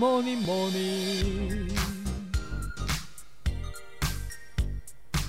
Morning, morning.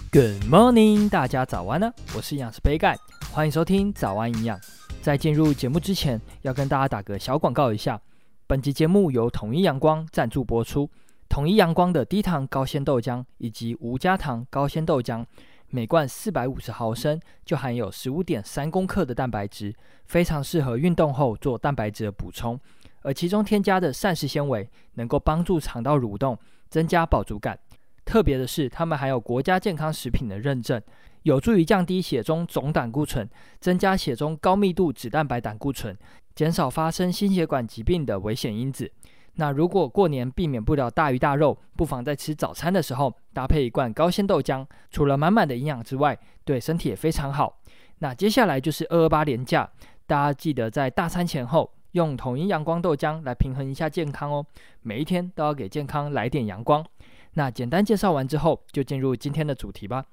Good morning，大家早安呢、啊！我是營養師杯蓋，歡迎收聽早安營養。在進入節目之前，要跟大家打個小廣告一下。本集節目由統一陽光贊助播出。統一陽光的低糖高纖豆漿以及無加糖高纖豆漿，每罐四百五十毫升就含有十五點三公克的蛋白質，非常適合運動後做蛋白質的補充。而其中添加的膳食纖維能夠幫助腸道蠕動，增加飽足感。特別的是，它們還有國家健康食品的認證，有助於降低血中總膽固醇，增加血中高密度脂蛋白膽固醇，減少發生心血管疾病的危險因子。那如果過年避免不了大魚大肉，不妨在吃早餐的時候搭配一罐高纖豆漿。除了滿滿的營養之外，對身體也非常好。那接下來就是二二八連假，大家記得在大餐前後。用統一陽光豆漿來平衡一下健康哦，每一天都要給健康來點陽光。那簡單介紹完之後，就進入今天的主題吧。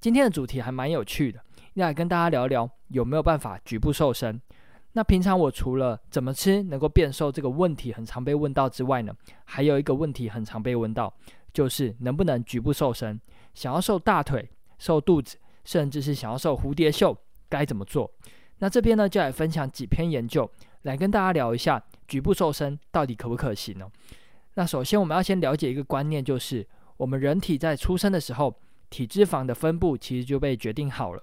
今天的主題還蠻有趣的，要來跟大家聊聊有沒有辦法局部瘦身。那平常我除了怎麼吃能夠變瘦這個問題很常被問到之外呢，還有一個問題很常被問到，就是能不能局部瘦身？想要瘦大腿、瘦肚子，甚至是想要瘦蝴蝶袖，該怎麼做？那這邊呢，就來分享幾篇研究。來跟大家聊一下局部瘦身到底可不可行呢？那首先我們要先了解一個觀念，就是我們人體在出生的時候，體脂肪的分布其實就被決定好了，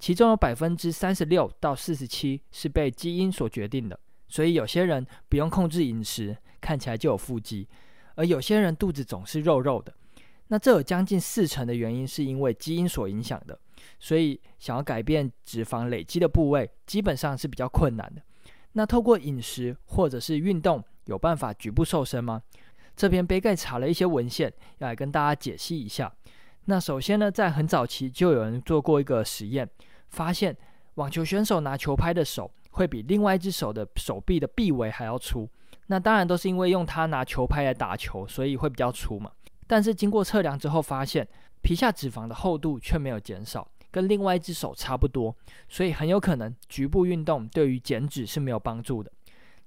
其中有百分之三十六到四十七是被基因所決定的，所以有些人不用控制飲食，看起來就有腹肌，而有些人肚子總是肉肉的，那這有將近四成的原因是因為基因所影響的，所以想要改變脂肪累積的部位，基本上是比較困難的。那透過飲食或者是運動，有辦法局部瘦身嗎？這邊杯蓋查了一些文獻，要來跟大家解析一下。那首先呢，在很早期就有人做過一個實驗，發現網球選手拿球拍的手會比另外一隻手的手臂的臂圍還要粗。那當然都是因為用他拿球拍來打球，所以會比較粗嘛。但是經過測量之後，發現皮下脂肪的厚度卻沒有減少。跟另外一只手差不多，所以很有可能局部運動對於減脂是沒有幫助的。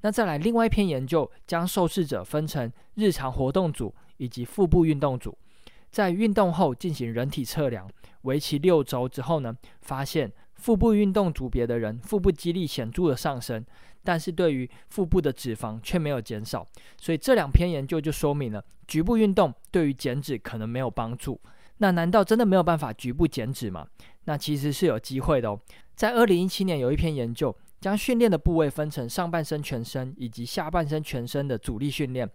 那再來另外一篇研究，將受試者分成日常活動組以及腹部運動組，在運動後進行人體測量，為期六周之後呢，發現腹部運動組別的人腹部肌力顯著的上升，但是對於腹部的脂肪卻沒有減少。所以這兩篇研究就說明了局部運動對於減脂可能沒有幫助。那難道真的沒有辦法局部減脂嗎？那其實是有機會的哦。在二零一七年有一篇研究，將訓練的部位分成上半身、全身以及下半身、全身的阻力訓練，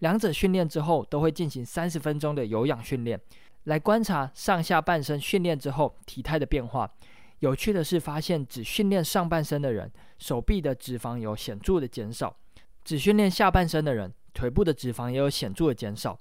兩者訓練之後都會進行三十分鐘的有氧訓練，來觀察上下半身訓練之後體態的變化。有趣的是，發現只訓練上半身的人，手臂的脂肪有顯著的減少；只訓練下半身的人，腿部的脂肪也有顯著的減少。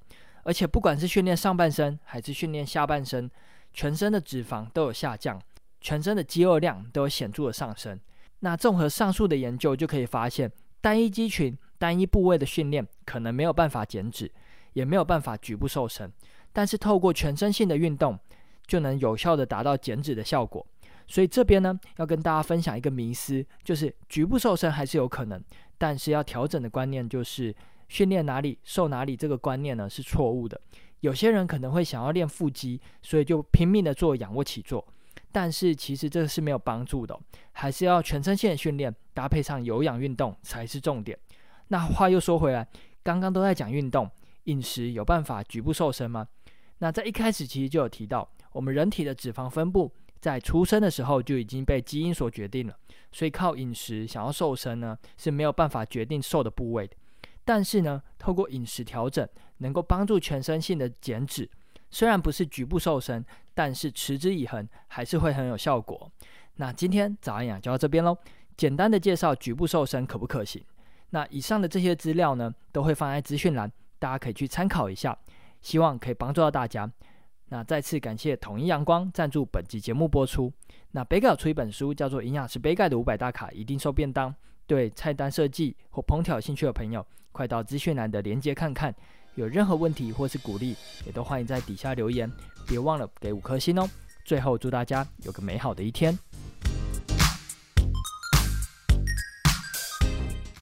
而且不管是訓練上半身還是訓練下半身，全身的脂肪都有下降，全身的肌肉量都有顯著的上升。那綜合上述的研究，就可以發現，單一肌群、單一部位的訓練可能沒有辦法減脂，也沒有辦法局部瘦身。但是透過全身性的運動，就能有效地達到減脂的效果。所以這邊呢，要跟大家分享一個迷思，就是局部瘦身還是有可能，但是要調整的觀念就是。訓練哪裡瘦哪裡，這個觀念呢是錯誤的。有些人可能會想要練腹肌，所以就拼命的做仰臥起坐，但是其實這是沒有幫助的哦，還是要全身性的訓練搭配上有氧運動才是重點。那話又說回來，剛剛都在講運動，飲食有辦法局部瘦身嗎？那在一開始其實就有提到，我們人體的脂肪分布在出生的時候就已經被基因所決定了，所以靠飲食想要瘦身呢是沒有辦法決定瘦的部位的。但是呢，透過飲食調整，能夠幫助全身性的減脂，雖然不是局部瘦身，但是持之以恆還是會很有效果。那今天早安營養就到這邊嘍，簡單的介紹局部瘦身可不可行？那以上的這些資料呢，都會放在資訊欄，大家可以去參考一下，希望可以幫助到大家。那再次感謝統一陽光贊助本集節目播出。那杯蓋出一本書，叫做《營養師杯蓋的五百大卡一定瘦便當》。對菜單設計或烹調有興趣的朋友，快到資訊欄的鏈接看看。有任何問題或是鼓勵，也都歡迎在底下留言。別忘了給五顆星哦！最後，祝大家有個美好的一天。